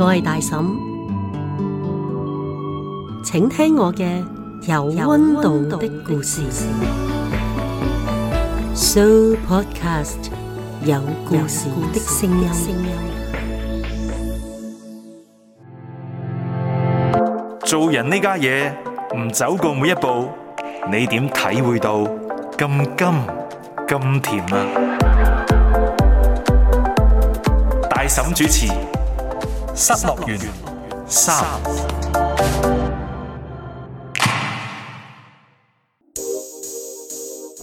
我係大嬸，請聽我嘅有温度的故事，Show Podcast 有故事的聲音。做人呢家嘢唔走過每一步，你點體會到咁甘咁甜啊？大嬸主持。失落園三，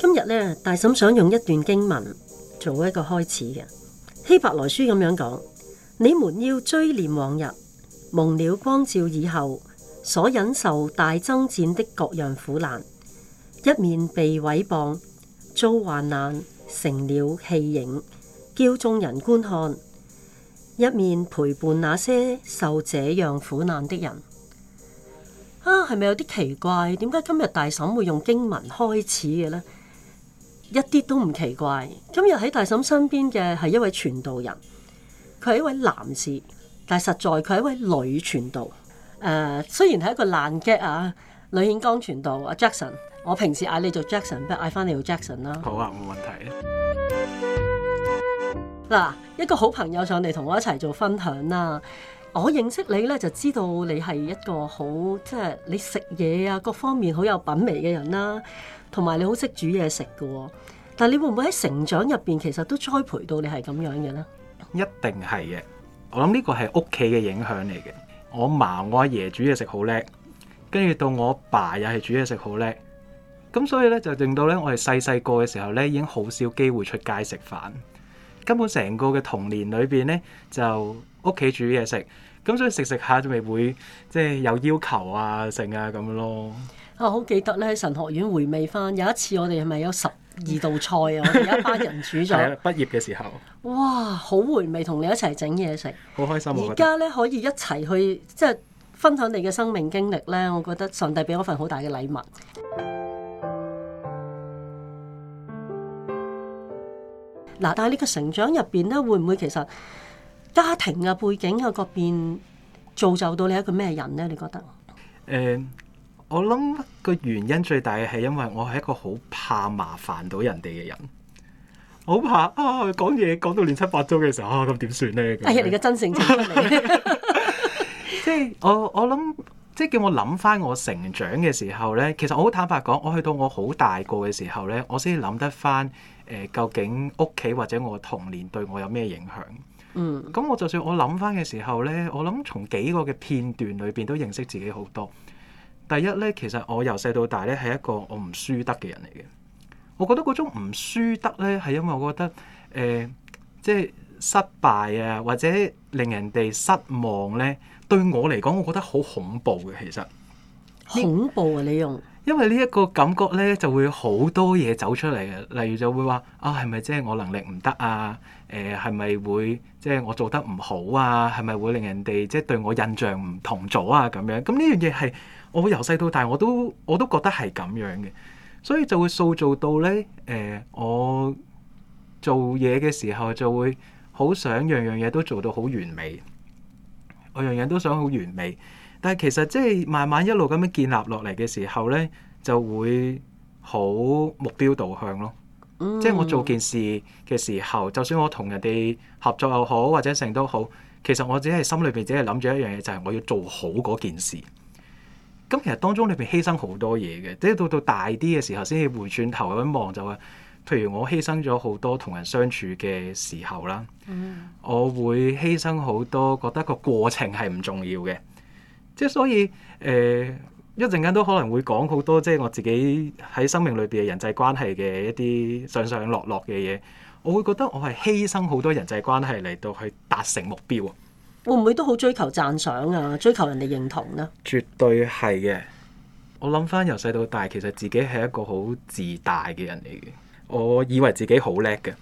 今日呢，大嬸想用一段經文做一個開始嘅。希伯來書咁樣講：你們要追念往日蒙了光照以後所忍受大爭戰的各樣苦難，一面被毀謗、遭患難，成了戲景，叫眾人觀看。一面陪伴那些受這樣苦難的人啊，係咪有啲奇怪？點解今日大嬸會用經文開始嘅呢？一啲都唔奇怪。今日喺大嬸身邊嘅係一位傳道人，佢係一位男士，但係實在佢係一位女傳道。誒、啊，雖然係一個爛 gag 啊，女顯光傳道啊，Jackson，我平時嗌你做 Jackson，不如嗌翻你做 Jackson 啦。好啊，冇問題、啊。嗱，一個好朋友上嚟同我一齊做分享啦。我認識你呢，就知道你係一個好即係你食嘢啊各方面好有品味嘅人啦，同埋你好識煮嘢食嘅。但你會唔會喺成長入邊其實都栽培到你係咁樣嘅呢？一定係嘅。我諗呢個係屋企嘅影響嚟嘅。我媽、我阿爺煮嘢食好叻，跟住到我爸又係煮嘢食好叻。咁所以呢，就令到呢我哋細細個嘅時候呢，已經好少機會出街食飯。根本成個嘅童年裏邊呢，就屋企煮嘢食，咁所以食食下就咪會即係有要求啊，剩啊咁咯。啊，好記得呢，喺神學院回味翻，有一次我哋係咪有十二道菜啊？有 一班人煮咗， 畢業嘅時候，哇！好回味同你一齊整嘢食，好開心。而家呢，可以一齊去即係、就是、分享你嘅生命經歷呢。我覺得上帝俾我份好大嘅禮物。嗱、啊，但係呢個成長入邊咧，會唔會其實家庭嘅、啊、背景嘅嗰邊造就到你一個咩人咧？你覺得？誒、呃，我諗個原因最大嘅係因為我係一個好怕麻煩到人哋嘅人，好怕啊講嘢講到亂七八糟嘅時候，咁點算咧？係啊，啊哎、你嘅真性情嚟嘅，即係我我諗，即係叫我諗翻我成長嘅時候咧，其實我好坦白講，我去到我好大個嘅時候咧，我先諗得翻。誒，究竟屋企或者我童年對我有咩影響？嗯，咁我就算我諗翻嘅時候咧，我諗從幾個嘅片段裏邊都認識自己好多。第一咧，其實我由細到大咧係一個我唔輸得嘅人嚟嘅。我覺得嗰種唔輸得咧，係因為我覺得誒、呃，即係失敗啊，或者令人哋失望咧，對我嚟講，我覺得好恐怖嘅。其實，恐怖啊，你用。因為呢一個感覺咧，就會好多嘢走出嚟嘅，例如就會話啊，係咪即係我能力唔得啊？誒、呃，係咪會即係、就是、我做得唔好啊？係咪會令人哋即係對我印象唔同咗啊？咁樣咁呢、嗯嗯、樣嘢係我由細到大我都我都覺得係咁樣嘅，所以就會塑造到咧誒、呃，我做嘢嘅時候就會好想樣樣嘢都做到好完美，我樣樣都想好完美。但其實即係慢慢一路咁樣建立落嚟嘅時候咧，就會好目標導向咯。Mm. 即係我做件事嘅時候，就算我同人哋合作又好，或者成都好，其實我只係心裏邊只係諗住一樣嘢，就係我要做好嗰件事。咁其實當中裏邊犧牲好多嘢嘅，即係到到大啲嘅時候先至回轉頭去望就話，譬如我犧牲咗好多同人相處嘅時候啦。Mm. 我會犧牲好多，覺得個過程係唔重要嘅。即所以，誒一陣間都可能會講好多，即係我自己喺生命裏邊嘅人際關係嘅一啲上上落落嘅嘢，我會覺得我係犧牲好多人際關係嚟到去達成目標，會唔會都好追求讚賞啊？追求人哋認同呢？啊？絕對係嘅。我諗返由細到大，其實自己係一個好自大嘅人嚟嘅，我以為自己好叻嘅。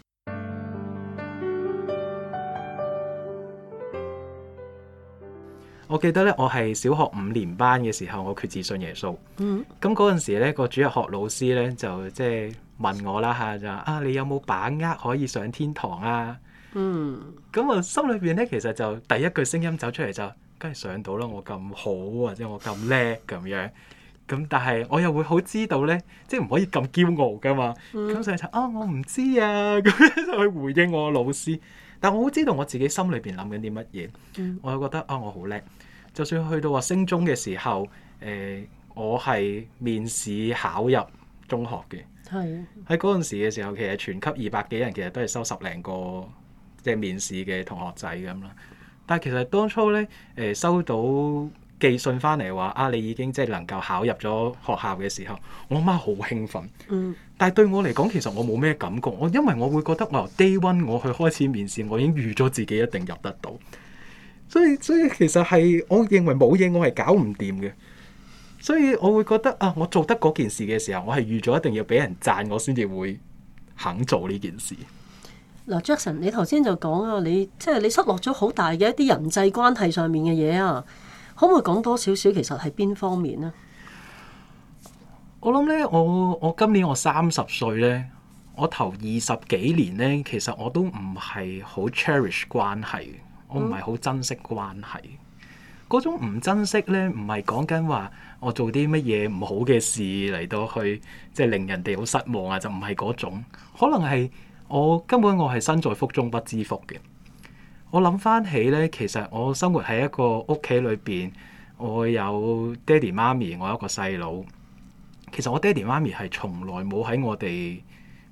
我記得咧，我係小學五年班嘅時候，我決志信耶穌。嗯，咁嗰陣時咧，個主日學老師咧就即係問我啦吓，就話啊，你有冇把握可以上天堂啊？嗯，咁啊心裏邊咧其實就第一句聲音走出嚟，就梗係上到啦，我咁好或者我咁叻咁樣，咁但係我又會好知道咧，即係唔可以咁驕傲噶嘛。咁所以就啊我唔知啊咁樣去回應我老師。但我好知道我自己心裏邊諗緊啲乜嘢，嗯、我就覺得啊我好叻，就算去到話升中嘅時候，誒、呃、我係面試考入中學嘅，喺嗰陣時嘅時候，其實全級二百幾人，其實都係收十零個即係、就是、面試嘅同學仔咁啦。但係其實當初咧誒、呃、收到。寄信翻嚟話啊，你已經即係能夠考入咗學校嘅時候，我媽好興奮。嗯、但係對我嚟講，其實我冇咩感覺。我因為我會覺得我由低 a 我去開始面試，我已經預咗自己一定入得到。所以所以其實係我認為冇嘢我係搞唔掂嘅。所以我會覺得啊，我做得嗰件事嘅時候，我係預咗一定要俾人讚，我先至會肯做呢件事。嗱，Jackson，你頭先就講、就是、啊，你即係你失落咗好大嘅一啲人際關係上面嘅嘢啊。可唔可以講多少少？其實係邊方面咧？我諗咧，我我今年我三十歲咧，我頭二十幾年咧，其實我都唔係好 cherish 關係，我唔係好珍惜關係。嗰、嗯、種唔珍惜咧，唔係講緊話我做啲乜嘢唔好嘅事嚟到去，即係令人哋好失望啊！就唔係嗰種，可能係我根本我係身在福中不知福嘅。我諗翻起咧，其實我生活喺一個屋企裏邊，我有爹哋媽咪，我有一個細佬。其實我爹哋媽咪係從來冇喺我哋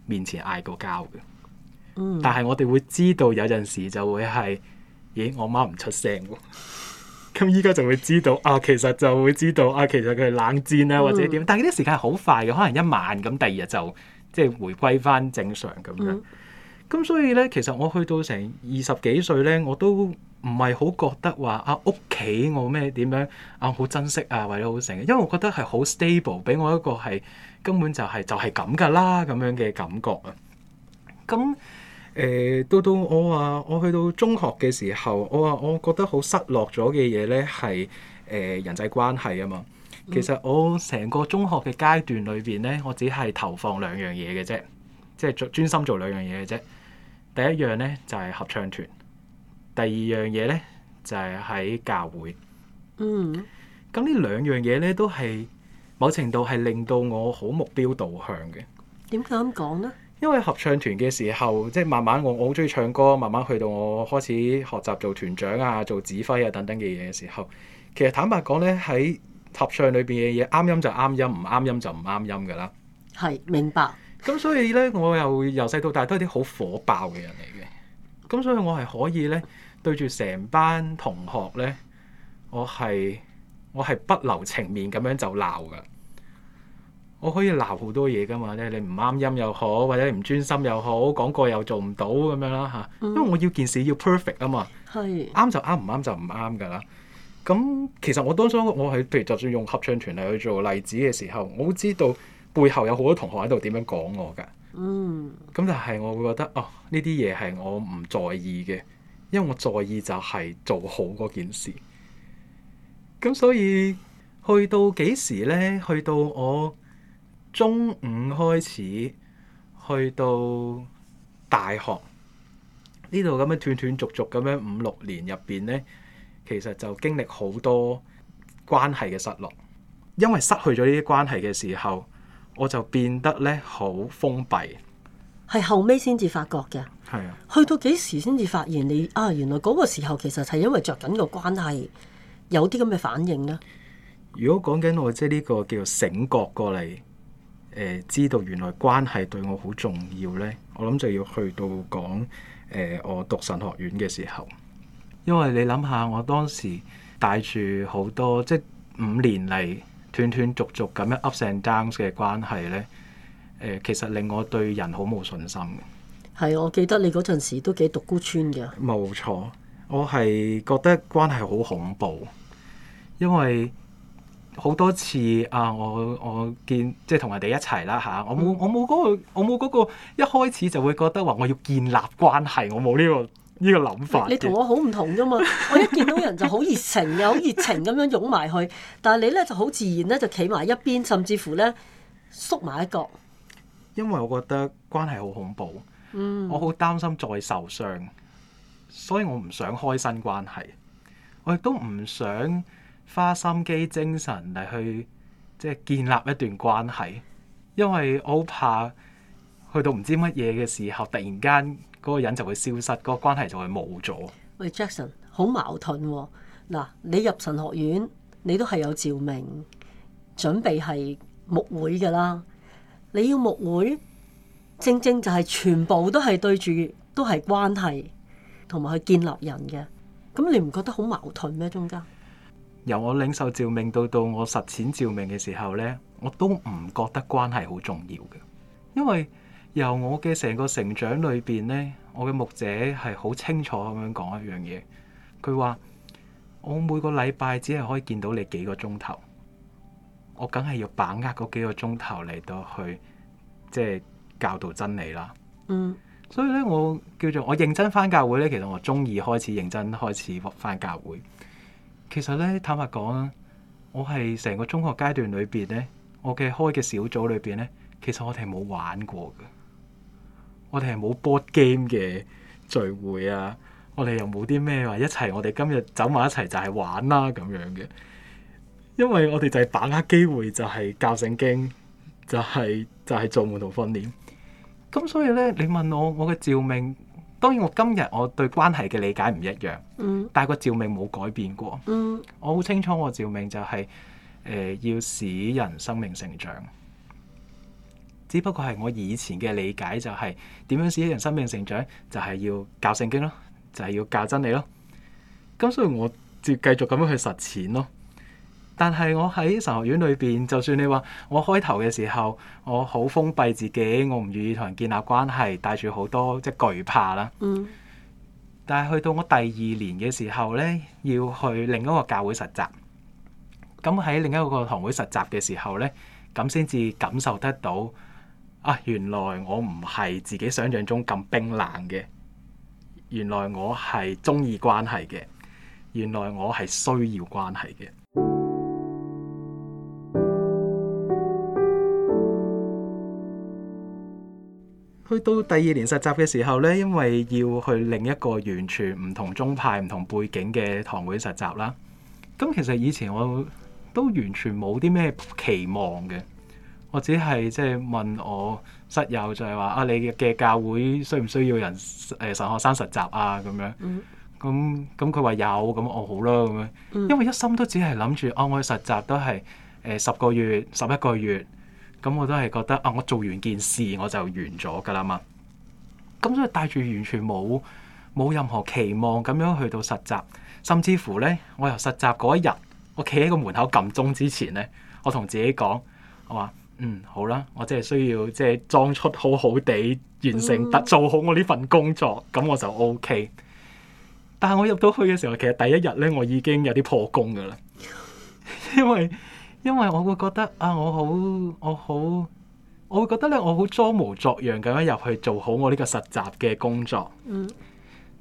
面前嗌過交嘅。嗯、但係我哋會知道有陣時就會係咦、哎，我媽唔出聲喎。咁依家就會知道啊，其實就會知道啊，其實佢冷戰啦、啊、或者點，嗯、但係啲時間係好快嘅，可能一晚咁，第二日就即係、就是、回歸翻正常咁樣。嗯咁所以咧，其實我去到成二十幾歲咧，我都唔係好覺得話啊屋企我咩點樣啊好珍惜啊，或者好成，因為我覺得係好 stable，俾我一個係根本就係、是、就係咁噶啦咁樣嘅感覺啊。咁誒、呃、到到我話我去到中學嘅時候，我話我覺得好失落咗嘅嘢咧，係誒、呃、人際關係啊嘛。其實我成個中學嘅階段裏邊咧，我只係投放兩樣嘢嘅啫，即係專心做兩樣嘢嘅啫。第一樣咧就係合唱團，第二樣嘢咧就係喺教會。嗯，咁呢兩樣嘢咧都係某程度係令到我好目標導向嘅。點解咁講咧？因為合唱團嘅時候，即係慢慢我我好中意唱歌，慢慢去到我開始學習做團長啊、做指揮啊等等嘅嘢嘅時候，其實坦白講咧喺合唱裏邊嘅嘢，啱音就啱音，唔啱音就唔啱音噶啦。係，明白。咁所以咧，我又由細到大都係啲好火爆嘅人嚟嘅。咁所以我係可以咧，對住成班同學咧，我係我係不留情面咁樣就鬧噶。我可以鬧好多嘢噶嘛，即係你唔啱音又好，或者你唔專心又好，講過又做唔到咁樣啦嚇。因為我要件事要 perfect 啊嘛，啱就啱，唔啱就唔啱噶啦。咁其實我當初我係譬如，就算用合唱團嚟去做例子嘅時候，我都知道。背後有好多同學喺度點樣講我噶，咁、嗯、但係我會覺得哦，呢啲嘢係我唔在意嘅，因為我在意就係做好嗰件事。咁所以去到幾時咧？去到我中五開始，去到大學呢度咁樣斷斷續續咁樣五六年入邊咧，其實就經歷好多關係嘅失落，因為失去咗呢啲關係嘅時候。我就變得咧好封閉，係後尾先至發覺嘅。係啊，去到幾時先至發現你啊？原來嗰個時候其實係因為着緊個關係有啲咁嘅反應呢。如果講緊我即係呢個叫醒覺過嚟、呃，知道原來關係對我好重要呢，我諗就要去到講誒、呃，我讀神學院嘅時候，因為你諗下我當時帶住好多即五年嚟。斷斷續續咁樣 ups and downs 嘅關係咧，誒、呃，其實令我對人好冇信心嘅。係，我記得你嗰陣時都幾獨孤村嘅。冇錯，我係覺得關係好恐怖，因為好多次啊，我我見即係同人哋一齊啦吓，我冇我冇嗰個我冇嗰個一開始就會覺得話我要建立關係，我冇呢個。呢個諗法你，你同我好唔同啫嘛！我一見到人就好熱情嘅，好熱情咁樣擁埋佢。但係你咧就好自然咧，就企埋一邊，甚至乎咧縮埋一角。因為我覺得關係好恐怖，嗯，我好擔心再受傷，所以我唔想開新關係。我亦都唔想花心機精神嚟去即係、就是、建立一段關係，因為我好怕去到唔知乜嘢嘅時候，突然間，嗰個人就會消失，嗰、那個關係就會冇咗。喂，Jackson，好矛盾喎、哦！嗱，你入神學院，你都係有召命準備係木會㗎啦。你要木會，正正就係全部都係對住，都係關係同埋去建立人嘅。咁你唔覺得好矛盾咩？中間由我領受召命到到我實踐召命嘅時候呢，我都唔覺得關係好重要嘅，因為。由我嘅成個成長裏邊咧，我嘅牧者係好清楚咁樣講一樣嘢。佢話我每個禮拜只係可以見到你幾個鐘頭，我梗係要把握嗰幾個鐘頭嚟到去即係教導真理啦。嗯，所以咧，我叫做我認真翻教會咧，其實我中二開始認真開始翻教會。其實咧，坦白講啊，我係成個中學階段裏邊咧，我嘅開嘅小組裏邊咧，其實我哋冇玩過嘅。我哋係冇 board game 嘅聚會啊！我哋又冇啲咩話一齊，我哋今日走埋一齊就係玩啦、啊、咁樣嘅。因為我哋就係把握機會，就係、是、教聖經，就係、是、就係、是、做門徒訓練。咁所以咧，你問我我嘅召命，當然我今日我對關係嘅理解唔一樣，mm. 但係個召命冇改變過，mm. 我好清楚我召命就係、是、誒、呃、要使人生命成長。只不過係我以前嘅理解，就係點樣使人生命成長，就係要教聖經咯，就係要教真理咯。咁所以我接繼續咁樣去實踐咯。但係我喺神學院裏邊，就算你話我開頭嘅時候，我好封閉自己，我唔願意同人建立關係，帶住好多即係懼怕啦。嗯。但係去到我第二年嘅時候咧，要去另一個教會實習。咁喺另一個堂會實習嘅時候咧，咁先至感受得到。啊！原來我唔係自己想象中咁冰冷嘅，原來我係鍾意關係嘅，原來我係需要關係嘅。去到第二年實習嘅時候呢，因為要去另一個完全唔同宗派、唔同背景嘅堂會實習啦。咁其實以前我都完全冇啲咩期望嘅。我只係即係問我室友，就係話啊，你嘅教會需唔需要人誒神學生實習啊？咁樣咁咁，佢話有咁，我好啦咁樣，因為一心都只係諗住啊，我去實習都係誒十個月十一個月，咁我都係覺得啊，我做完件事我就完咗㗎啦嘛。咁所以帶住完全冇冇任何期望咁樣去到實習，甚至乎咧，我由實習嗰一日，我企喺個門口撳鐘之前咧，我同自己講我話。好嗯，好啦，我即係需要即係裝出好好地完成得做好我呢份工作，咁我就 OK。但係我入到去嘅時候，其實第一日咧，我已經有啲破功噶啦，因為因為我會覺得啊，我好我好，我會覺得咧，我好裝模作樣咁樣入去做好我呢個實習嘅工作。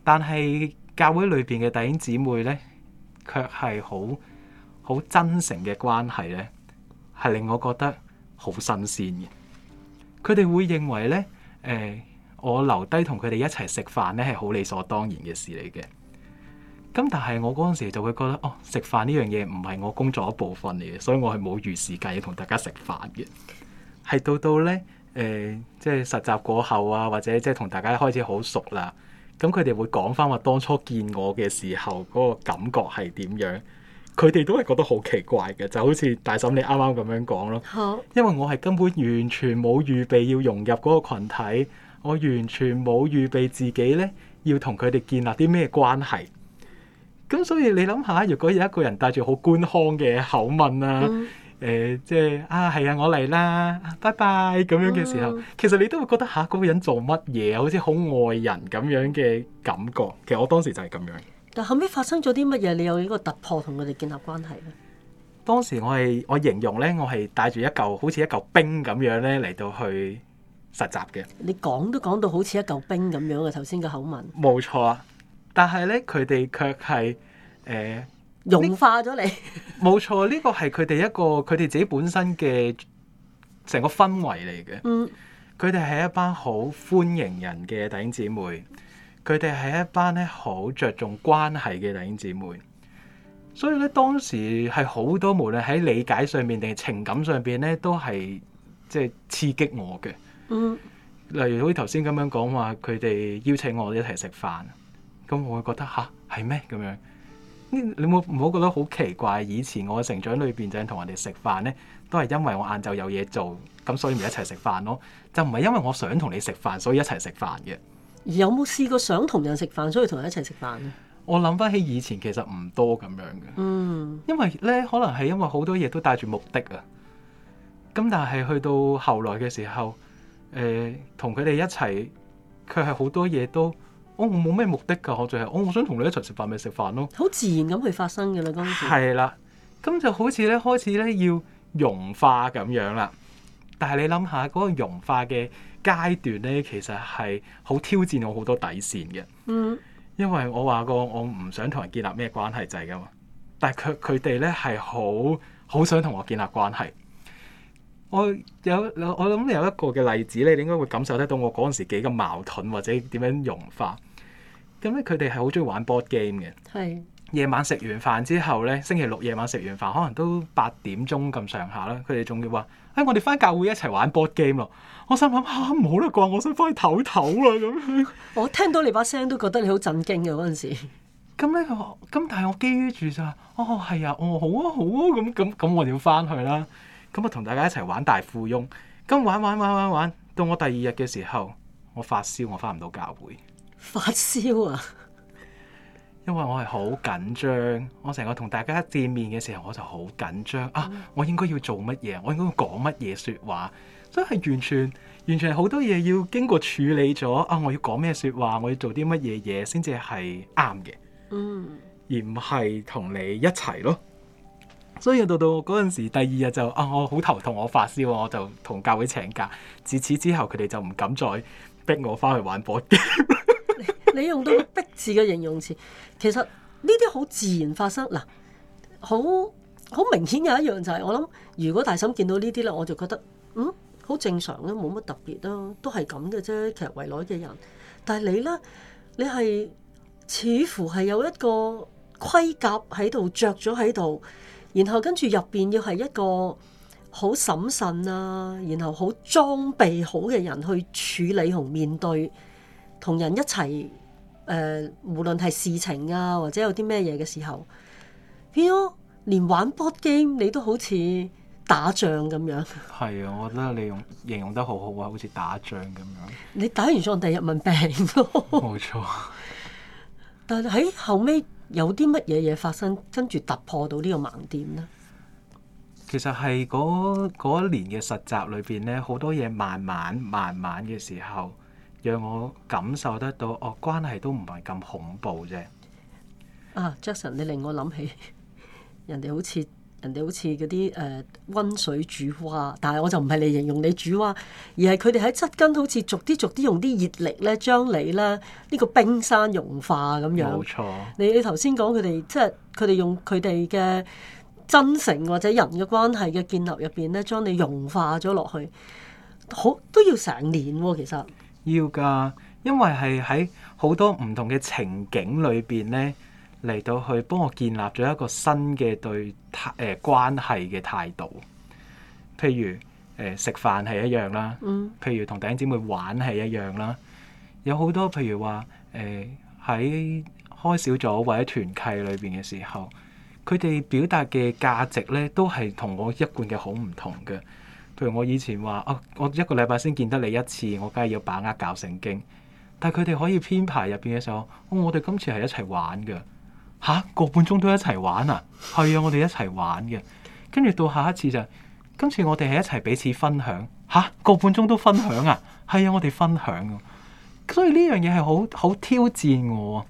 但係教會裏邊嘅弟兄姊妹咧，卻係好好真誠嘅關係咧，係令我覺得。好新鮮嘅，佢哋會認為咧，誒，我留低同佢哋一齊食飯咧係好理所當然嘅事嚟嘅。咁但係我嗰陣時就會覺得，哦，食飯呢樣嘢唔係我工作一部分嚟嘅，所以我係冇餘時間要同大家食飯嘅。係到到咧，誒，即係實習過後啊，或者即係同大家開始好熟啦，咁佢哋會講返話當初見我嘅時候嗰個感覺係點樣？佢哋都係覺得好奇怪嘅，就好似大嬸你啱啱咁樣講咯。好因為我係根本完全冇預備要融入嗰個羣體，我完全冇預備自己咧要同佢哋建立啲咩關係。咁所以你諗下，如果有一個人帶住好官腔嘅口吻啊，誒、嗯呃，即係啊，係啊，我嚟啦，拜拜咁樣嘅時候，哦、其實你都會覺得嚇嗰、啊嗰個人做乜嘢啊？好似好外人咁樣嘅感覺。其實我當時就係咁樣。後尾發生咗啲乜嘢？你有呢個突破同佢哋建立關係咧？當時我係我形容咧，我係帶住一嚿好似一嚿冰咁樣咧嚟到去實習嘅。你講都講到好似一嚿冰咁樣嘅頭先嘅口吻。冇錯啊！但係咧，佢哋卻係誒、呃、融化咗你。冇 錯，呢、呢個係佢哋一個佢哋自己本身嘅成個氛圍嚟嘅。嗯，佢哋係一班好歡迎人嘅弟兄姊妹。佢哋係一班咧好着重關係嘅弟兄姊妹，所以咧當時係好多無論喺理解上面定係情感上邊咧，都係即係刺激我嘅。嗯，例如好似頭先咁樣講話，佢哋邀請我哋一齊食飯，咁我會覺得吓，係咩咁樣？你冇冇覺得好奇怪？以前我嘅成長裏邊就係同人哋食飯咧，都係因為我晏晝有嘢做，咁所以咪一齊食飯咯。就唔係因為我想同你食飯，所以一齊食飯嘅。有冇試過想同人食飯，所以同人一齊食飯咧？我諗翻起以前其實唔多咁樣嘅，嗯，因為咧可能係因為好多嘢都帶住目的啊。咁但係去到後來嘅時候，誒同佢哋一齊，佢係好多嘢都，哦、我冇咩目的㗎，我只係我我想同你一齊食飯咪食飯咯，好自然咁去發生㗎啦。當時係啦，咁就好似咧開始咧要融化咁樣啦。但係你諗下嗰個融化嘅階段咧，其實係好挑戰我好多底線嘅。嗯，因為我話過我唔想同人建立咩關係就係噶嘛。但係佢佢哋咧係好好想同我建立關係。我有我諗你有一個嘅例子咧，你應該會感受得到我嗰陣時幾咁矛盾或者點樣融化。咁咧佢哋係好中意玩 board game 嘅。係。夜晚食完飯之後咧，星期六夜晚食完飯可能都八點鐘咁上下啦。佢哋仲要話。哎，我哋翻教會一齊玩 board game 咯，我心諗吓唔好啦，啩、啊，我想翻去唞唞啦咁。 我聽到你把聲都覺得你好震驚嘅嗰陣時，咁呢個咁、嗯，但係我基於住就，哦係啊，哦好啊好啊，咁咁咁，我哋要翻去啦。咁啊，同大家一齊玩大富翁，咁玩玩玩玩玩，玩，到我第二日嘅時候，我發燒，我翻唔到教會。發燒啊！因為我係好緊張，我成個同大家一見面嘅時候，我就好緊張啊！我應該要做乜嘢？我應該講乜嘢説話？所以係完全、完全好多嘢要經過處理咗啊！我要講咩説話？我要做啲乜嘢嘢先至係啱嘅？嗯，而唔係同你一齊咯。所以到到嗰陣時，第二日就啊，我好頭痛，我發燒，我就同教會請假。自此之後，佢哋就唔敢再逼我翻去玩博 你用到逼字嘅形容詞，其實呢啲好自然發生嗱，好、啊、好明顯有一樣就係、是、我諗，如果大嬸見到呢啲咧，我就覺得嗯好正常啊，冇乜特別啦，都係咁嘅啫，其實圍內嘅人。但係你咧，你係似乎係有一個盔甲喺度着咗喺度，然後跟住入邊要係一個好審慎啊，然後好裝備好嘅人去處理同面對同人一齊。誒，uh, 無論係事情啊，或者有啲咩嘢嘅時候，變咗連玩 board game 你都好似打仗咁樣。係啊，我覺得你用形容得好好啊，好似打仗咁樣。你打完仗第二日問病咯。冇錯錯。但係喺後尾有啲乜嘢嘢發生，跟住突破到呢個盲點呢？其實係嗰一年嘅實習裏邊呢，好多嘢，慢慢慢慢嘅時候。讓我感受得到哦，關係都唔係咁恐怖啫。啊，Jason，你令我諗起人哋好似人哋好似嗰啲誒溫水煮蛙，但係我就唔係嚟形容你煮蛙，而係佢哋喺側根好似逐啲逐啲用啲熱力咧將你咧呢個冰山融化咁樣。冇錯，你你頭先講佢哋即係佢哋用佢哋嘅真誠或者人嘅關係嘅建立入邊咧，將你融化咗落去，好都要成年其實。要㗎，因為係喺好多唔同嘅情景裏邊咧，嚟到去幫我建立咗一個新嘅對態誒、呃、關係嘅態度。譬如誒、呃、食飯係一樣啦，嗯、譬如同弟兄姊妹玩係一樣啦，有好多譬如話誒喺開小組或者團契裏邊嘅時候，佢哋表達嘅價值咧，都係同我一貫嘅好唔同嘅。譬如我以前話啊、哦，我一個禮拜先見得你一次，我梗係要把握教聖經。但係佢哋可以編排入邊嘅時候，哦、我哋今次係一齊玩嘅，嚇、啊、個半鐘都一齊玩啊！係啊，我哋一齊玩嘅。跟住到下一次就，今次我哋係一齊彼此分享，嚇、啊、個半鐘都分享啊！係啊，我哋分享。所以呢樣嘢係好好挑戰我、哦。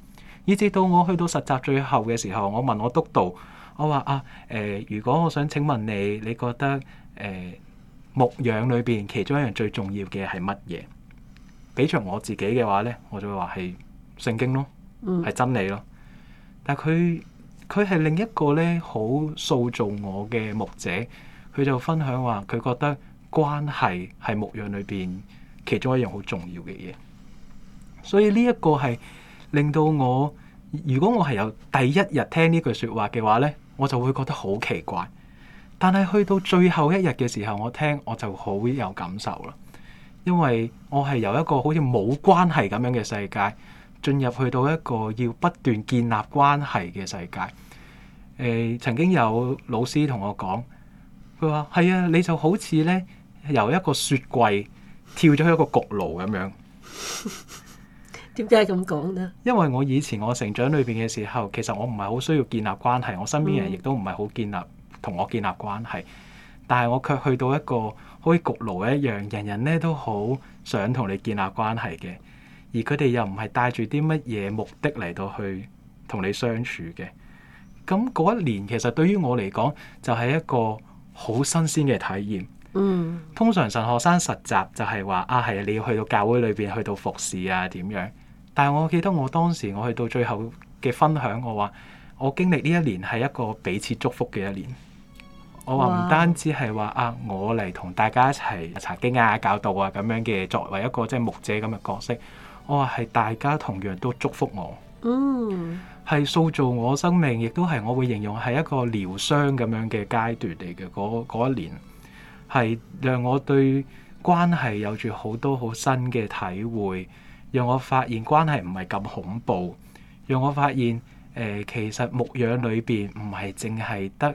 以至到我去到實習最後嘅時候，我問我督導，我話啊，誒、呃，如果我想請問你，你覺得誒、呃牧養裏邊其中一樣最重要嘅係乜嘢？比着我自己嘅話呢，我就會話係聖經咯，係、嗯、真理咯。但係佢佢係另一個咧，好塑造我嘅牧者。佢就分享話，佢覺得關係係牧養裏邊其中一樣好重要嘅嘢。所以呢一個係令到我，如果我係有第一日聽呢句說話嘅話呢，我就會覺得好奇怪。但係去到最後一日嘅時候，我聽我就好有感受啦，因為我係由一個好似冇關係咁樣嘅世界，進入去到一個要不斷建立關係嘅世界。誒、呃，曾經有老師同我講，佢話：係啊，你就好似呢，由一個雪櫃跳咗去一個焗爐咁樣。點解係咁講呢？因為我以前我成長裏邊嘅時候，其實我唔係好需要建立關係，我身邊人亦都唔係好建立、嗯。同我建立關係，但係我卻去到一個好似焗爐一樣，人人咧都好想同你建立關係嘅，而佢哋又唔係帶住啲乜嘢目的嚟到去同你相處嘅。咁嗰一年其實對於我嚟講，就係一個好新鮮嘅體驗。嗯，通常神學生實習就係話啊，係啊，你要去到教會裏邊去到服侍啊點樣，但係我記得我當時我去到最後嘅分享，我話我經歷呢一年係一個彼此祝福嘅一年。我話唔單止係話啊，我嚟同大家一齊查經啊、教導啊咁樣嘅，作為一個即係牧者咁嘅角色，我話係大家同樣都祝福我，嗯，係塑造我生命，亦都係我會形容係一個療傷咁樣嘅階段嚟嘅嗰一年，係讓我對關係有住好多好新嘅體會，讓我發現關係唔係咁恐怖，讓我發現誒、呃、其實牧養裏邊唔係淨係得。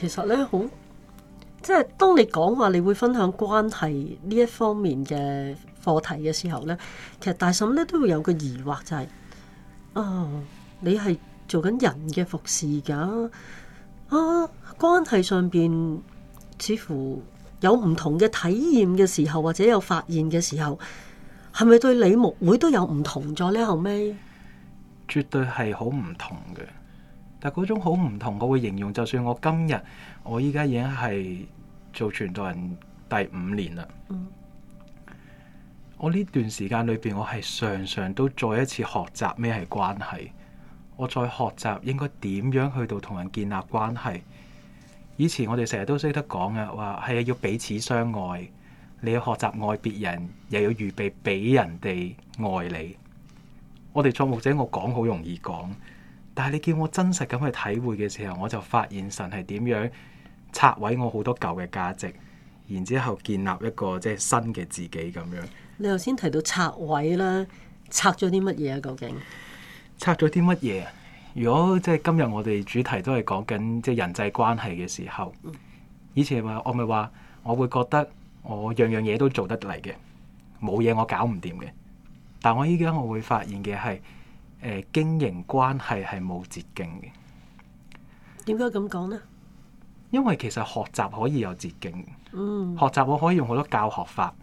其實咧，好，即係當你講話你會分享關係呢一方面嘅課題嘅時候咧，其實大嬸咧都會有個疑惑就係、是，啊、哦，你係做緊人嘅服侍噶，啊，關係上邊似乎有唔同嘅體驗嘅時候，或者有發現嘅時候，係咪對你牧會都有唔同咗呢？後尾，絕對係好唔同嘅。但嗰種好唔同，我會形容，就算我今日我依家已經係做傳道人第五年啦。嗯。我呢段時間裏邊，我係常常都再一次學習咩係關係，我再學習應該點樣去到同人建立關係。以前我哋成日都識得講嘅話，係要彼此相愛，你要學習愛別人，又要預備俾人哋愛你。我哋作牧者，我講好容易講。但係你叫我真實咁去體會嘅時候，我就發現神係點樣拆毀我好多舊嘅價值，然之後建立一個即係新嘅自己咁樣。你頭先提到拆毀啦，拆咗啲乜嘢啊？究竟拆咗啲乜嘢？如果即係今日我哋主題都係講緊即係人際關係嘅時候，以前話我咪話，我會覺得我樣樣嘢都做得嚟嘅，冇嘢我搞唔掂嘅。但我依家我會發現嘅係。誒，經營關係係冇捷徑嘅。點解咁講咧？因為其實學習可以有捷徑，嗯，學習我可以用好多教學法，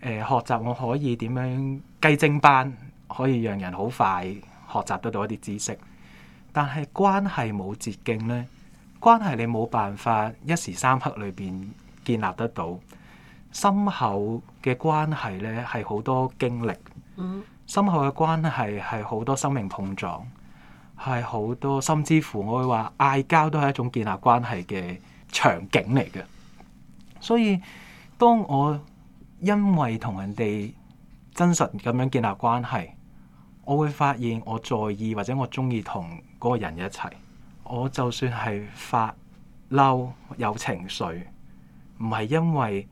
誒，學習我可以點樣雞精班，可以讓人好快學習得到一啲知識。但係關係冇捷徑咧，關係你冇辦法一時三刻裏邊建立得到深厚嘅關係咧，係好多經歷，嗯。深厚嘅關係係好多生命碰撞，係好多，甚至乎，我會話嗌交都係一種建立關係嘅場景嚟嘅。所以，當我因為同人哋真實咁樣建立關係，我會發現我在意或者我鍾意同嗰個人一齊。我就算係發嬲有情緒，唔係因為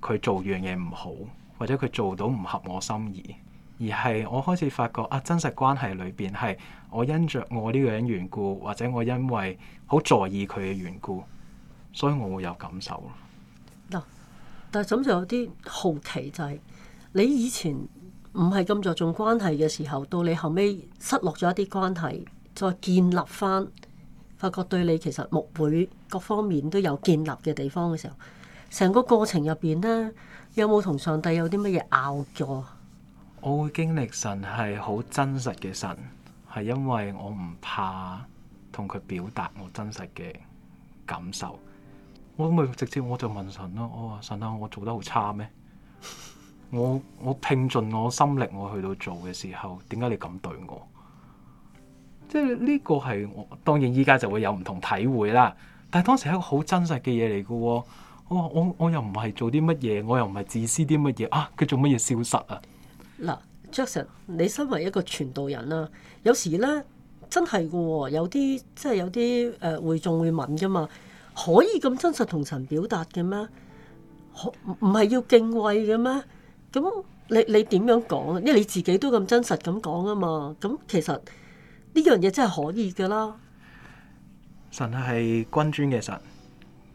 佢做樣嘢唔好，或者佢做到唔合我心意。而係我開始發覺啊，真實關係裏邊係我因着我呢個人緣故，或者我因為好在意佢嘅緣故，所以我會有感受咯、啊。但係咁就有啲好奇就係、是、你以前唔係咁着重關係嘅時候，到你後尾失落咗一啲關係，再建立翻，發覺對你其實牧會各方面都有建立嘅地方嘅時候，成個過程入邊呢，有冇同上帝有啲乜嘢拗架？我會經歷神係好真實嘅神，係因為我唔怕同佢表達我真實嘅感受。我咪直接我就問神咯，我話神啊，我做得好差咩？我我拼盡我心力我去到做嘅時候，點解你咁對我？即係呢個係我。當然，依家就會有唔同體會啦。但係當時係一個好真實嘅嘢嚟㗎。我我我又唔係做啲乜嘢，我又唔係自私啲乜嘢啊？佢做乜嘢消失啊？嗱，Jackson，你身為一個傳道人啦，有時咧真係嘅、哦，有啲即係有啲誒、呃、會眾會問噶嘛，可以咁真實同神表達嘅咩？可唔係要敬畏嘅咩？咁、嗯、你你點樣講？因為你自己都咁真實咁講啊嘛，咁、嗯、其實呢樣嘢真係可以噶啦。神係君尊嘅神，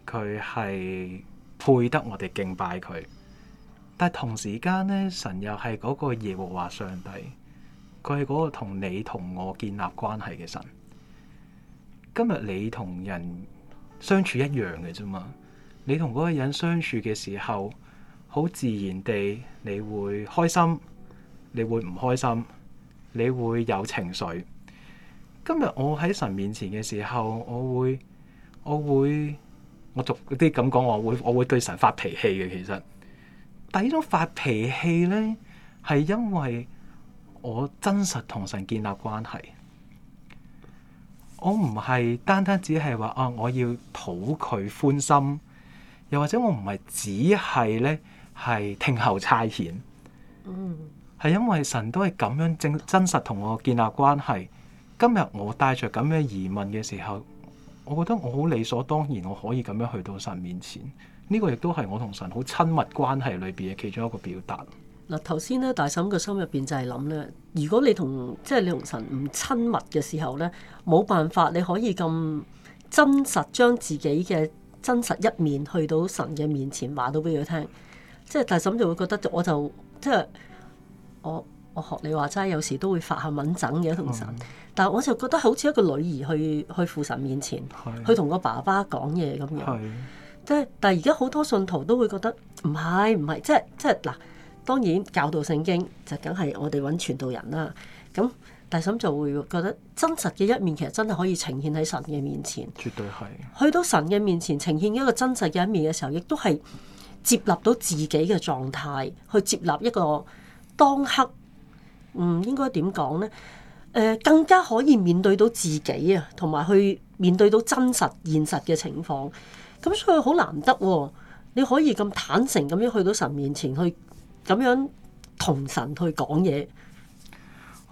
佢係配得我哋敬拜佢。但同時間咧，神又係嗰個耶和華上帝，佢係嗰個同你同我建立關係嘅神。今日你同人相處一樣嘅啫嘛，你同嗰個人相處嘅時候，好自然地你會開心，你會唔開心，你會有情緒。今日我喺神面前嘅時候，我會我會我俗啲咁講，我會，我，我，會我會對神發脾氣嘅，其實。但呢種發脾氣咧，係因為我真實同神建立關係，我唔係單單只係話啊，我要討佢歡心，又或者我唔係只係咧係聽候差遣，嗯，係因為神都係咁樣正真實同我建立關係。今日我帶着咁樣疑問嘅時候，我覺得我好理所當然，我可以咁樣去到神面前。呢個亦都係我同神好親密關係裏邊嘅其中一個表達。嗱，頭先咧，大嬸嘅心入邊就係諗咧，如果你同即係你同神唔親密嘅時候咧，冇辦法你可以咁真實將自己嘅真實一面去到神嘅面前話到俾佢聽，即係、就是、大嬸就會覺得我就即係、就是、我我學你話齋，有時都會發下敏癢嘅同神，嗯、但係我就覺得好似一個女兒去去父神面前，是去同個爸爸講嘢咁樣。是即係，但係而家好多信徒都會覺得唔係唔係，即係即係嗱，當然教導聖經就梗係我哋搵傳道人啦。咁大嬸就會覺得真實嘅一面，其實真係可以呈現喺神嘅面前。絕對係去到神嘅面前，呈現一個真實嘅一面嘅時候，亦都係接納到自己嘅狀態，去接納一個當刻，嗯，應該點講呢？呃，更加可以面對到自己啊，同埋去面對到真實現實嘅情況。咁所以好難得，哦，你可以咁坦誠咁樣去到神面前去，咁樣同神去講嘢。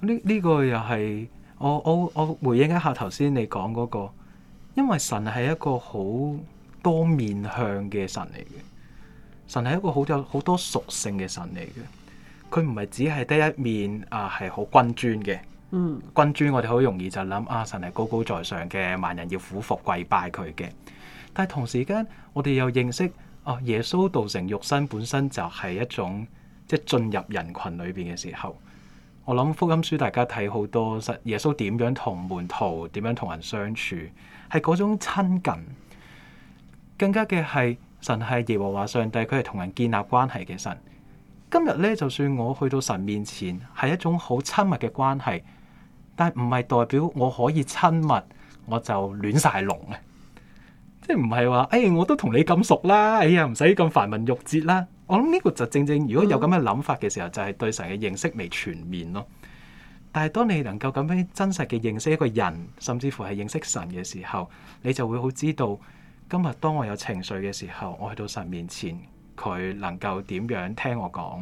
呢呢個又係我我我回應一下頭先你講嗰個，因為神係一個好多面向嘅神嚟嘅，神係一個好有好多屬性嘅神嚟嘅，佢唔係只係得一面啊，係好君尊嘅，嗯，君尊我哋好容易就諗啊神係高高在上嘅，萬人要俯伏跪拜佢嘅。但係同時間，我哋又認識哦，耶穌道成肉身本身就係一種即係進入人群裏邊嘅時候。我諗福音書大家睇好多，神耶穌點樣同門徒點樣同人相處，係嗰種親近，更加嘅係神係耶和華上帝，佢係同人建立關係嘅神。今日咧，就算我去到神面前，係一種好親密嘅關係，但係唔係代表我可以親密我就亂晒龍。即唔係話誒，我都同你咁熟啦，哎呀，唔使咁繁文縟節啦。我諗呢個就正正，如果有咁嘅諗法嘅時候，就係對神嘅認識未全面咯。但係當你能夠咁樣真實嘅認識一個人，甚至乎係認識神嘅時候，你就會好知道今日當我有情緒嘅時候，我去到神面前，佢能夠點樣聽我講，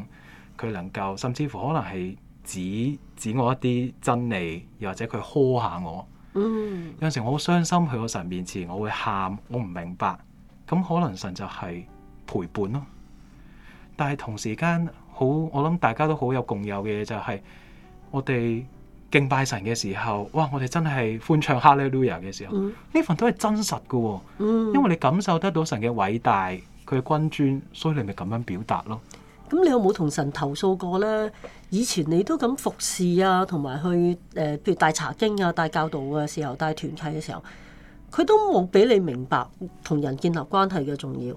佢能夠甚至乎可能係指指我一啲真理，又或者佢呵下我。嗯，有陣時我好傷心，去個神面前我會喊，我唔明白，咁可能神就係陪伴咯。但係同時間好，我諗大家都好有共有嘅嘢就係，是，我哋敬拜神嘅時候，哇！我哋真係歡唱哈利路亞嘅時候，嗯、呢份都係真實噶。嗯，因為你感受得到神嘅偉大，佢嘅君尊，所以你咪咁樣表達咯。咁你有冇同神投訴過呢？以前你都咁服侍啊，同埋去誒，譬如帶查經啊、帶教導嘅時候，帶團契嘅時候，佢都冇俾你明白同人建立關係嘅重要。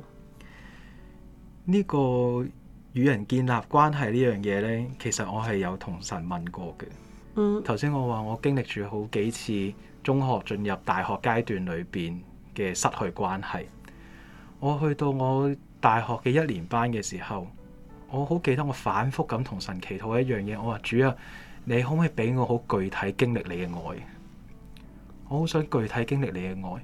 呢個與人建立關係呢樣嘢呢，其實我係有同神問過嘅。嗯，頭先我話我經歷住好幾次中學進入大學階段裏邊嘅失去關係。我去到我大學嘅一年班嘅時候。我好記得我反覆咁同神祈禱一樣嘢，我話主啊，你可唔可以俾我好具體經歷你嘅愛？我好想具體經歷你嘅愛，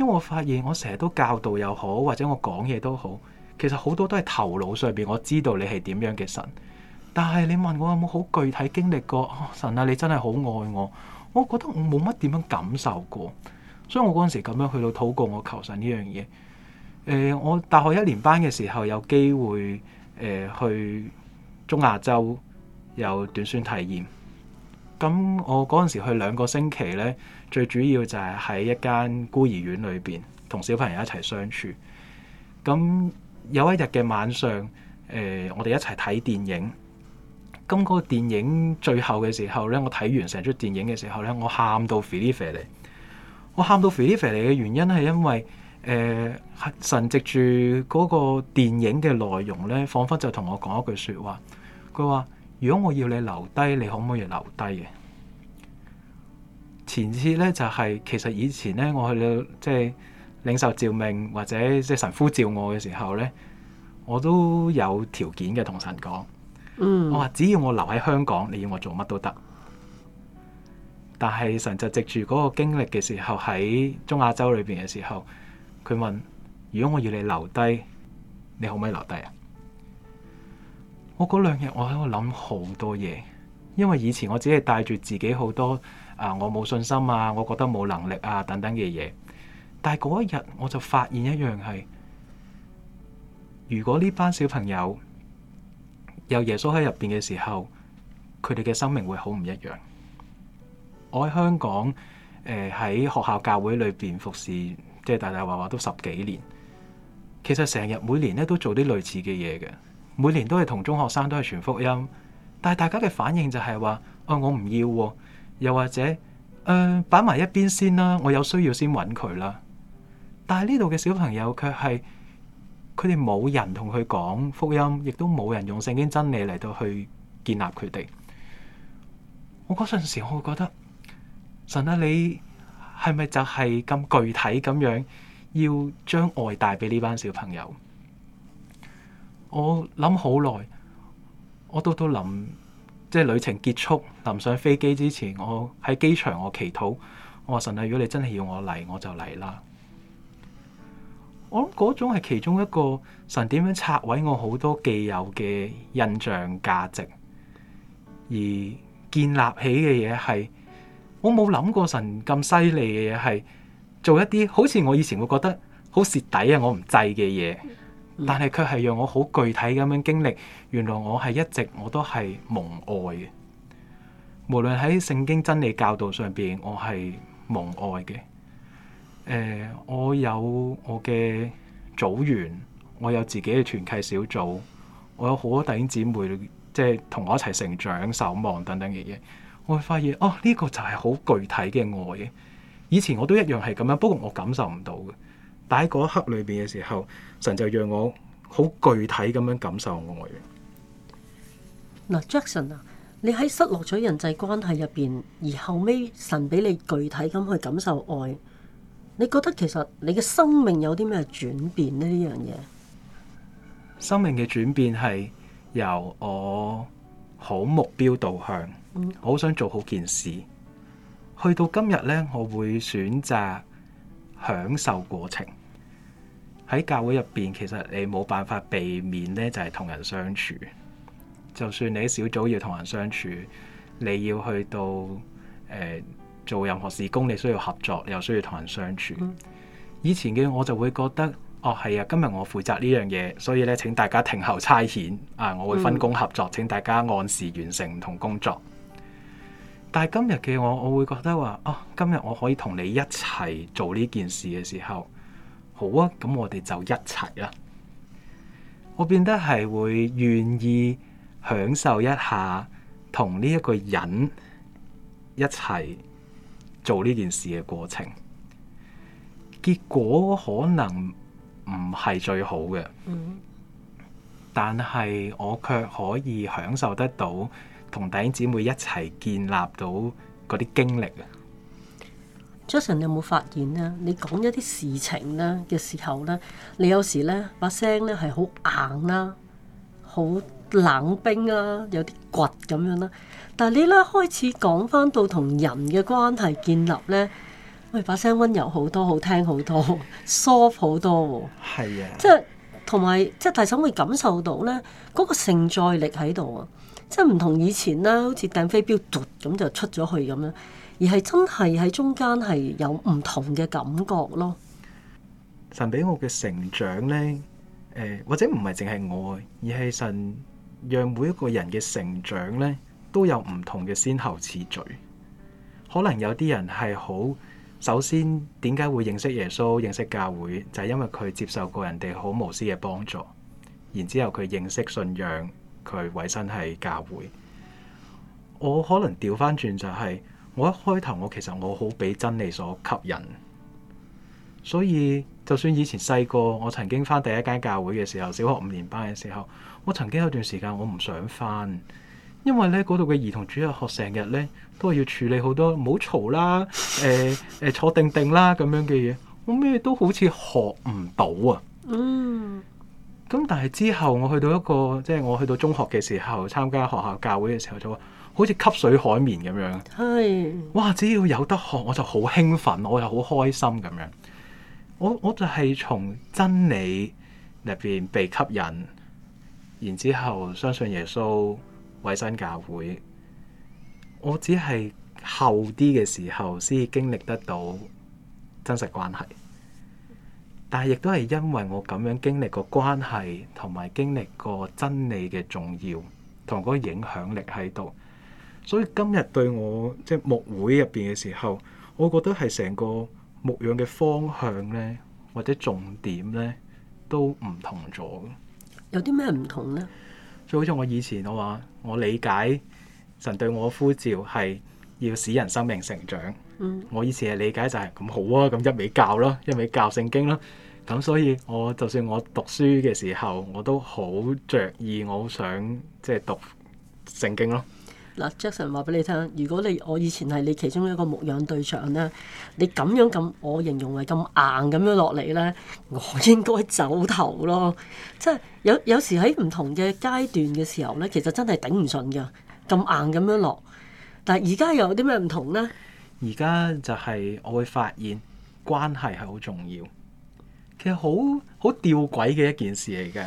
因為我發現我成日都教導又好，或者我講嘢都好，其實好多都係頭腦上邊我知道你係點樣嘅神，但係你問我有冇好具體經歷過？哦、神啊，你真係好愛我，我覺得我冇乜點樣感受過，所以我嗰陣時咁樣去到禱告，我求神呢樣嘢。誒、呃，我大學一年班嘅時候有機會。誒去中亞洲有短宣體驗，咁我嗰陣時去兩個星期咧，最主要就係喺一間孤兒院裏邊同小朋友一齊相處。咁有一日嘅晚上，誒、呃、我哋一齊睇電影。咁、嗰個電影最後嘅時候咧，我睇完成齣電影嘅時候咧，我喊到肥肥嚟，我喊到肥肥嚟嘅原因係因為。誒、呃、神藉住嗰個電影嘅內容呢，彷彿就同我講一句説話。佢話：如果我要你留低，你可唔可以留低嘅？前次呢，就係、是、其實以前呢，我去到即係領受召命或者即係神呼召我嘅時候呢，我都有條件嘅同神講。Mm. 我話只要我留喺香港，你要我做乜都得。但係神就藉住嗰個經歷嘅時候，喺中亞洲裏邊嘅時候。佢問：「如果我要你留低，你可唔可以留低啊？」我嗰兩日我喺度諗好多嘢，因為以前我只係帶住自己好多啊，我冇信心啊，我覺得冇能力啊等等嘅嘢。但係嗰一日我就發現一樣係，如果呢班小朋友有耶穌喺入邊嘅時候，佢哋嘅生命會好唔一樣。我喺香港誒喺、呃、學校教會裏邊服侍，即係大大話話都十幾年，其實成日每年咧都做啲類似嘅嘢嘅，每年都係同中學生都係傳福音，但係大家嘅反應就係話：，哦、哎，我唔要、啊，又或者，誒、呃，擺埋一邊先啦，我有需要先揾佢啦。但係呢度嘅小朋友卻係，佢哋冇人同佢講福音，亦都冇人用聖經真理嚟到去建立佢哋。我嗰陣時我會覺得，神啊，你。係咪就係咁具體咁樣要將愛帶俾呢班小朋友？我諗好耐，我到到臨即係旅程結束，臨上飛機之前，我喺機場我祈禱，我話，神啊，如果你真係要我嚟，我就嚟啦。我諗嗰種係其中一個神點樣拆毀我好多既有嘅印象價值，而建立起嘅嘢係。我冇諗過神咁犀利嘅嘢，係做一啲好似我以前會覺得好蝕底啊，我唔制嘅嘢，但係卻係讓我好具體咁樣經歷，原來我係一直我都係蒙愛嘅。無論喺聖經真理教導上邊，我係蒙愛嘅。誒、呃，我有我嘅組員，我有自己嘅團契小組，我有好多弟兄姊妹，即係同我一齊成長、守望等等嘅嘢。我會發現哦，呢個就係好具體嘅愛。以前我都一樣係咁樣，不過我感受唔到嘅。但喺嗰一刻裏邊嘅時候，神就讓我好具體咁樣感受愛嘅。嗱，Jackson 啊，你喺失落咗人際關係入邊，而後尾神俾你具體咁去感受愛，你覺得其實你嘅生命有啲咩轉變呢？呢樣嘢，生命嘅轉變係由我好目標導向。我好想做好件事，去到今日呢，我會選擇享受過程。喺教會入邊，其實你冇辦法避免呢就係、是、同人相處。就算你喺小組要同人相處，你要去到、呃、做任何事工，你需要合作，又需要同人相處。嗯、以前嘅我就會覺得，哦係啊，今日我負責呢樣嘢，所以呢，請大家聽候差遣啊！我會分工合作，嗯、請大家按時完成唔同工作。但係今日嘅我，我會覺得話，哦、啊，今日我可以同你一齊做呢件事嘅時候，好啊，咁我哋就一齊啦。我變得係會願意享受一下同呢一個人一齊做呢件事嘅過程。結果可能唔係最好嘅，但係我卻可以享受得到。同弟兄姊妹一齊建立到嗰啲經歷啊，Jason，你有冇發現咧？你講一啲事情咧嘅時候咧，你有時咧把聲咧係好硬啦，好冷冰啦，有啲倔咁樣啦。但係你咧開始講翻到同人嘅關係建立咧，喂，把聲溫柔好多，好聽好多，soft 好多，係啊的，即係同埋即係大嬸會感受到咧嗰個承載力喺度啊。即係唔同以前啦，好似掟飛鏢，咁就出咗去咁樣，而係真係喺中間係有唔同嘅感覺咯。神俾我嘅成長咧，誒、呃，或者唔係淨係我，而係神讓每一個人嘅成長咧，都有唔同嘅先後次序。可能有啲人係好，首先點解會認識耶穌、認識教會，就係、是、因為佢接受過人哋好無私嘅幫助，然之後佢認識信仰。佢維生係教會，我可能調翻轉就係、是、我一開頭我其實我好俾真理所吸引，所以就算以前細個，我曾經返第一間教會嘅時候，小學五年班嘅時候，我曾經有段時間我唔想返，因為咧嗰度嘅兒童主日學成日咧都係要處理好多唔好嘈啦，誒、呃、誒、呃、坐定定啦咁樣嘅嘢，我咩都好似學唔到啊！嗯。咁但係之後我去到一個即係、就是、我去到中學嘅時候，參加學校教會嘅時候就話，好似吸水海綿咁樣係是哇，只要有得學，我就好興奮，我又好開心咁樣。我我就係從真理入邊被吸引，然之後相信耶穌，委身教會。我只係後啲嘅時候先經歷得到真實關係。但係亦都係因為我咁樣經歷過關係，同埋經歷過真理嘅重要同嗰個影響力喺度，所以今日對我即係牧會入邊嘅時候，我覺得係成個牧養嘅方向咧，或者重點咧都唔同咗。有啲咩唔同咧？就好似我以前我話，我理解神對我呼召係要使人生命成長。嗯。我以前係理解就係、是、咁好啊，咁一味教啦，一味教聖經啦。咁所以，我就算我讀書嘅時候，我都好着意，我好想即係讀聖經咯。嗱，Jackson 話俾你聽，如果你我以前係你其中一個牧養對象咧，你咁樣咁，我形容為咁硬咁樣落嚟咧，我應該走頭咯。即係有有時喺唔同嘅階段嘅時候咧，其實真係頂唔順㗎，咁硬咁樣落。但係而家又有啲咩唔同咧？而家就係我會發現關係係好重要。其實好好弔詭嘅一件事嚟嘅，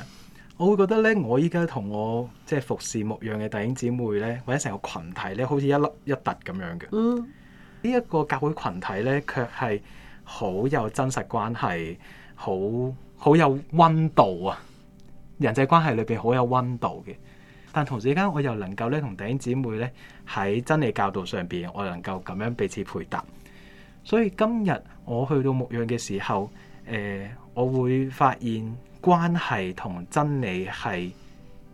我會覺得咧，我依家同我即係服侍牧養嘅弟兄姊妹咧，或者成個群體咧，好似一,一粒一突咁樣嘅。呢一、嗯、個教會群體咧，卻係好有真實關係，好好有溫度啊！人際關係裏邊好有溫度嘅，但同時之間我又能夠咧同弟兄姊妹咧喺真理教導上邊，我能夠咁樣彼此配搭。所以今日我去到牧養嘅時候。誒，我會發現關係同真理係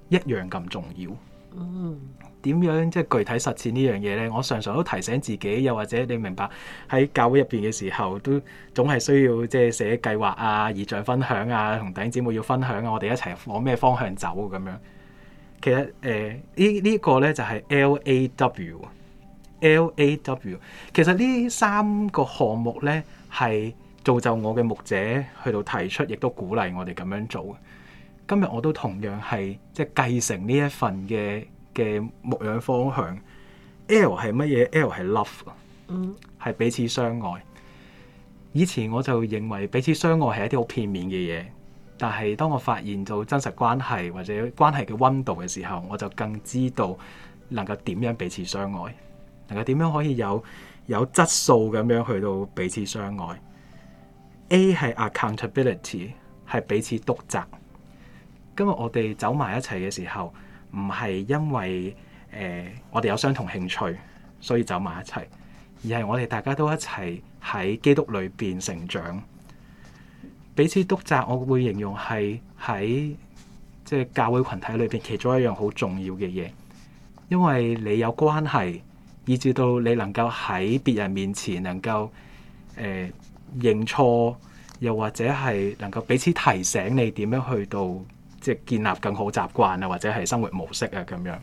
一樣咁重要。嗯，點樣即係具體實踐呢樣嘢咧？我常常都提醒自己，又或者你明白喺教會入邊嘅時候，都總係需要即係寫計劃啊、異象分享啊、同弟兄姊妹要分享啊，我哋一齊往咩方向走咁樣。其實誒，呢、呃、呢、呢個咧就係 LAW，LAW。其實呢三個項目咧係造就我嘅牧者去到提出，亦都鼓勵我哋咁樣做。今日我都同樣係即係繼承呢一份嘅嘅牧養方向。L 係乜嘢？L 係 love，係、嗯、彼此相愛。以前我就認為彼此相愛係一啲好片面嘅嘢，但係當我發現到真實關係或者關係嘅温度嘅時候，我就更知道能夠點樣彼此相愛，能夠點樣可以有有質素咁樣去到彼此相愛。A 係 accountability，係彼此督責。今日我哋走埋一齊嘅時候，唔係因為誒、呃、我哋有相同興趣所以走埋一齊，而係我哋大家都一齊喺基督裏邊成長。彼此督責，我會形容係喺即係教會群體裏邊其中一樣好重要嘅嘢，因為你有關係，以至到你能夠喺別人面前能夠誒。呃認錯，又或者係能夠彼此提醒你點樣去到即係、就是、建立更好習慣啊，或者係生活模式啊咁樣。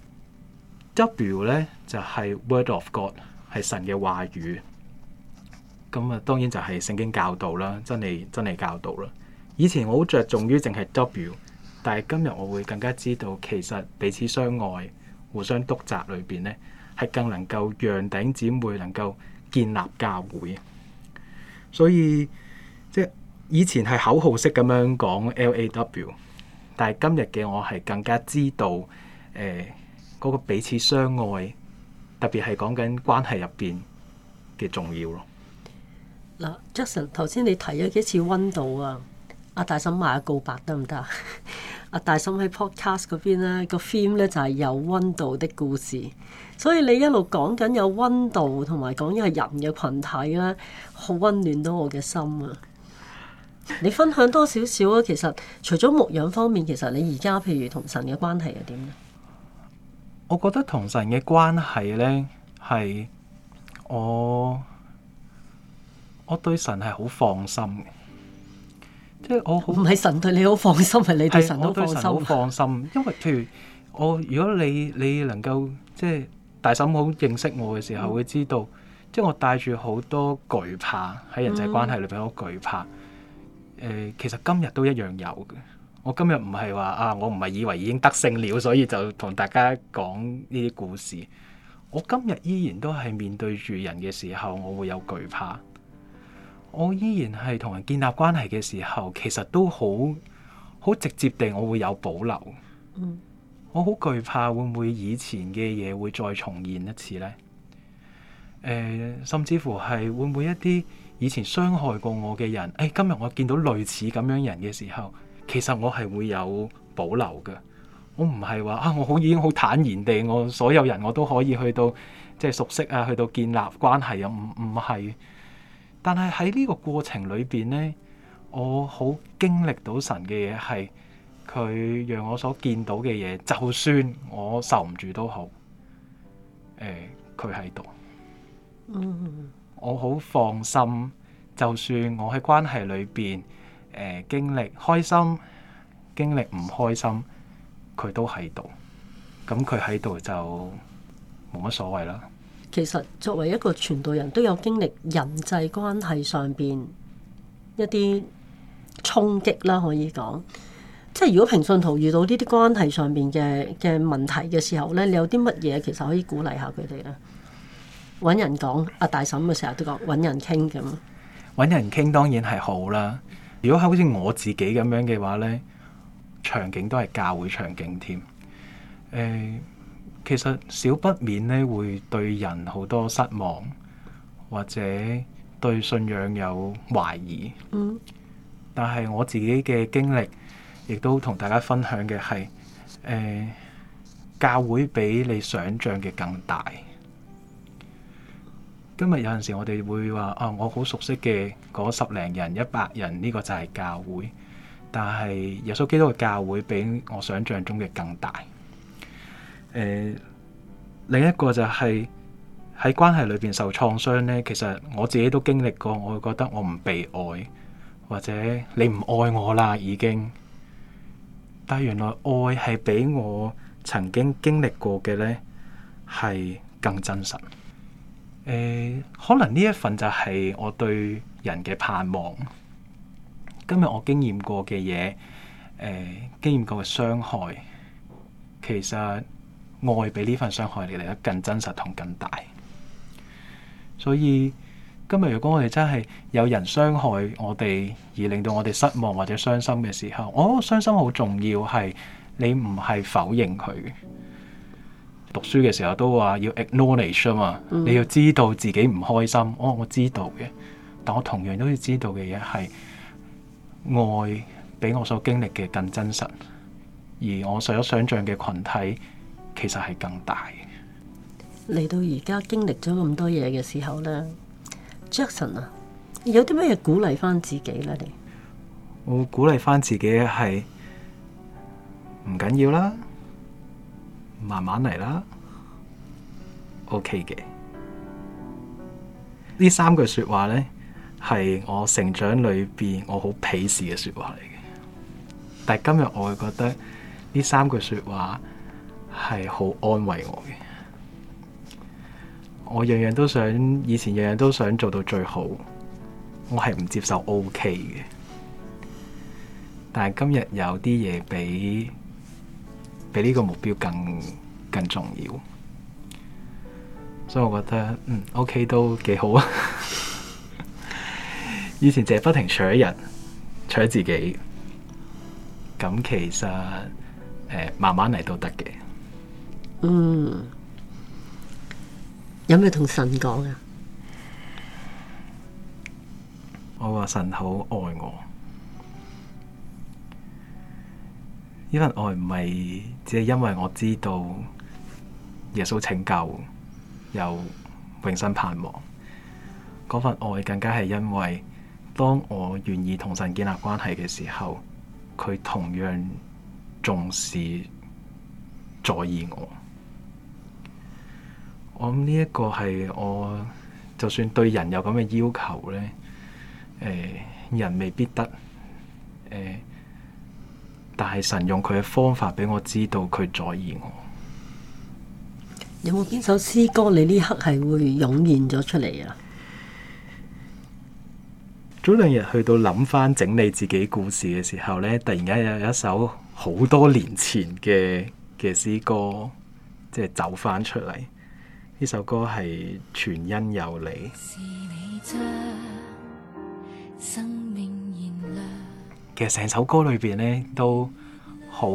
W 咧就係、是、Word of God，係神嘅話語。咁啊，當然就係聖經教導啦，真理真理教導啦。以前我好着重於淨係 W，但係今日我會更加知道，其實彼此相愛、互相督責裏邊咧，係更能夠讓頂姊妹能夠建立教會。所以即以前係口號式咁樣講 LAW，但係今日嘅我係更加知道誒嗰、呃那個彼此相愛，特別係講緊關係入邊嘅重要咯。嗱，Jason 頭先你提咗幾次温度啊？阿、啊、大嬸賣告白得唔得？阿、 啊、大嬸喺 Podcast 嗰邊咧，個 theme 咧就係、是、有温度的故事。所以你一路講緊有温度，同埋講緊係人嘅群體咧，好温暖到我嘅心啊！你分享多少少啊？其實除咗牧養方面，其實你而家譬如同神嘅關係係點呢？我覺得同神嘅關係咧，係我我對神係好放心，即係我唔係神對你好放心，係你對神都是放心。 因為譬如我，如果你你能夠即係。大嬸好，認識我嘅時候會知道，嗯、即係我帶住好多懼怕喺人際關係裏邊好懼怕。誒、嗯呃，其實今日都一樣有嘅。我今日唔係話啊，我唔係以為已經得勝了，所以就同大家講呢啲故事。我今日依然都係面對住人嘅時候，我會有懼怕。我依然係同人建立關係嘅時候，其實都好好直接地，我會有保留。嗯。我好懼怕會唔會以前嘅嘢會再重現一次呢？誒、呃，甚至乎係會唔會一啲以前傷害過我嘅人？誒、哎，今日我見到類似咁樣的人嘅時候，其實我係會有保留嘅。我唔係話啊，我好已經好坦然地，我所有人我都可以去到即係熟悉啊，去到建立關係啊，唔唔係。但係喺呢個過程裏邊呢，我好經歷到神嘅嘢係。佢讓我所見到嘅嘢，就算我受唔住都好，佢喺度，嗯，我好放心。就算我喺關係裏邊誒經歷開心，經歷唔開心，佢都喺度。咁佢喺度就冇乜所謂啦。其實作為一個傳道人都有經歷人際關係上邊一啲衝擊啦，可以講。即係如果平信徒遇到呢啲關係上面嘅嘅問題嘅時候咧，你有啲乜嘢其實可以鼓勵下佢哋咧？揾人講阿大嬸，咪成日都講揾人傾咁，揾人傾當然係好啦。如果係好似我自己咁樣嘅話咧，場景都係教會場景添。誒、欸，其實少不免咧會對人好多失望，或者對信仰有懷疑。嗯。但係我自己嘅經歷。亦都同大家分享嘅係，誒、呃，教會比你想象嘅更大。今日有陣時我，我哋會話啊，我好熟悉嘅十零人、一百人呢、呢個就係教會。但係耶穌基督嘅教會比我想象中嘅更大。誒、呃，另一個就係、是、喺關係裏邊受創傷咧。其實我自己都經歷過，我覺得我唔被愛，或者你唔愛我啦，已經。但原來愛係比我曾經經歷過嘅呢係更真實。呃，可能呢一份就係我對人嘅盼望。今日我經驗過嘅嘢，誒，呃，經驗過嘅傷害，其實愛比呢份傷害嚟得更真實同更大。所以。今日如果我哋真係有人傷害我哋，而令到我哋失望或者傷心嘅時候，我、哦、傷心好重要，係你唔係否認佢。讀書嘅時候都話要 acknowledge 啊嘛，你要知道自己唔開心。哦，我知道嘅，但我同樣都要知道嘅嘢係愛比我所經歷嘅更真實，而我所想像嘅群體其實係更大。嚟到而家經歷咗咁多嘢嘅時候咧。Jackson 啊，有啲咩嘢鼓勵翻自己咧？你我鼓勵翻自己係唔緊要啦，慢慢嚟啦，OK 嘅。呢三句說話咧，係我成長裏邊我好鄙視嘅說話嚟嘅，但係今日我會覺得呢三句說話係好安慰我嘅。我樣樣都想，以前樣樣都想做到最好，我係唔接受 OK 嘅。但係今日有啲嘢比比呢個目標更更重要，所以我覺得嗯 OK 都幾好啊。 以前淨係不停扯人，除咗自己，咁其實誒、呃、慢慢嚟都得嘅。嗯。Mm. 有咩同神講啊？我話神好愛我，呢份愛唔係只係因為我知道耶穌拯救，又永生盼望。嗰份愛更加係因為當我願意同神建立關係嘅時候，佢同樣重視在意我。我諗呢一個係我就算對人有咁嘅要求咧，誒、哎誒，人未必得，誒、哎誒，但係神用佢嘅方法俾我知道佢在意我。有冇邊首詩歌你呢刻係會湧現咗出嚟啊？早兩日去到諗翻整理自己故事嘅時候咧，突然間有一首好多年前嘅嘅詩歌，即係走翻出嚟。呢首歌係全因有你。其實成首歌裏邊呢，都好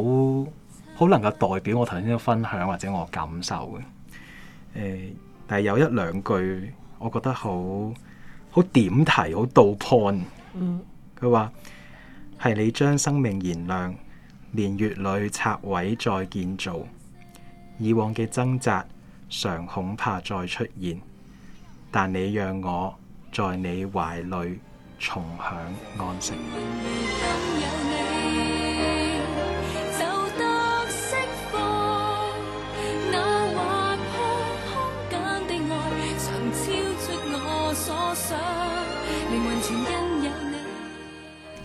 好能夠代表我頭先嘅分享或者我感受嘅、哎。但係有一兩句我覺得好好點題、好到 point。嗯。佢話係你將生命燃亮，年月裏拆毀再建造，以往嘅掙扎常恐怕再出現，但你讓我在你懷裡重享安息。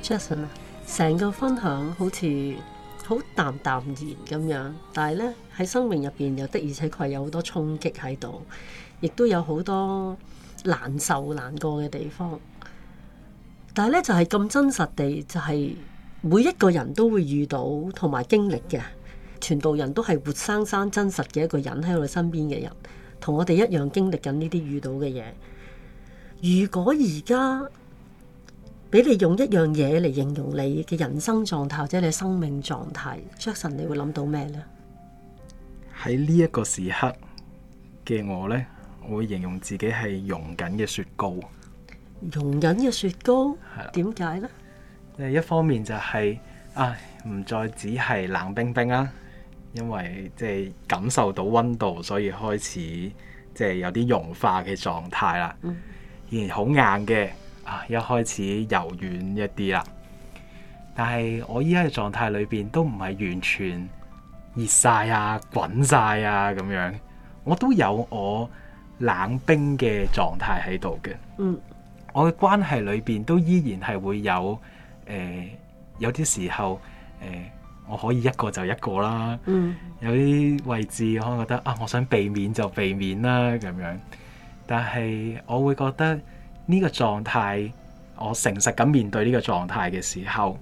Jason，好淡淡然咁樣，但係呢，喺生命入邊又的而且確係有好多衝擊喺度，亦都有好多難受難過嘅地方。但係呢，就係咁真實地，就係每一個人都會遇到同埋經歷嘅，全部人都係活生生真實嘅一個人喺我哋身邊嘅人，同我哋一樣經歷緊呢啲遇到嘅嘢。如果而家俾你用一樣嘢嚟形容你嘅人生狀態，或者你嘅生命狀態。Jackson，你會諗到咩呢？喺呢一個時刻嘅我呢，我會形容自己係融緊嘅雪糕。融緊嘅雪糕，係點解呢？一方面就係、是，唉、啊，唔再只係冷冰冰啦、啊，因為即係感受到温度，所以開始即係有啲融化嘅狀態啦。以前好、嗯、硬嘅。啊、一開始柔軟一啲啦，但係我依家嘅狀態裏邊都唔係完全熱晒啊、滾晒啊咁樣，我都有我冷冰嘅狀態喺度嘅。嗯，我嘅關係裏邊都依然係會有誒、呃，有啲時候誒、呃，我可以一個就一個啦。嗯，有啲位置我可能覺得啊，我想避免就避免啦咁樣，但係我會覺得。呢個狀態，我誠實咁面對呢個狀態嘅時候，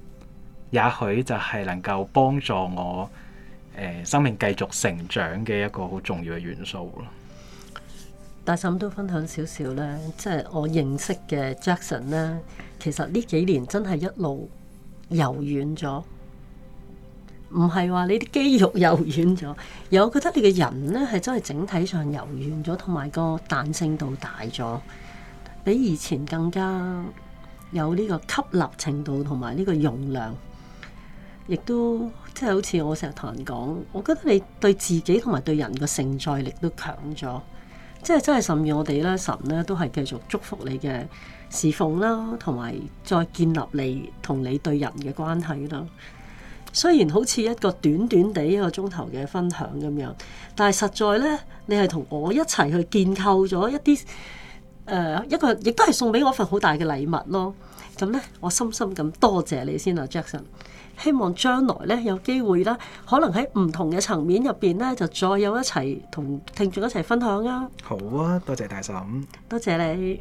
也許就係能夠幫助我、呃、生命繼續成長嘅一個好重要嘅元素咯。但係都分享少少咧，即係我認識嘅 Jackson 咧，其實呢幾年真係一路柔軟咗，唔係話你啲肌肉柔軟咗，而我覺得你嘅人咧係真係整體上柔軟咗，同埋個彈性度大咗。比以前更加有呢個吸納程度同埋呢個容量，亦都即係好似我成日同人講，我覺得你對自己同埋對人嘅承載力都強咗，即係真係甚至我哋咧神咧都係繼續祝福你嘅侍奉啦，同埋再建立你同你對人嘅關係啦。雖然好似一個短短地一個鐘頭嘅分享咁樣，但係實在咧，你係同我一齊去建構咗一啲。誒、uh, 一個亦都係送俾我一份好大嘅禮物咯，咁咧我深深咁多謝你先啦，Jackson。希望將來咧有機會啦，可能喺唔同嘅層面入邊咧，就再有一齊同聽眾一齊分享啊！好啊，多謝大嬸，多謝你。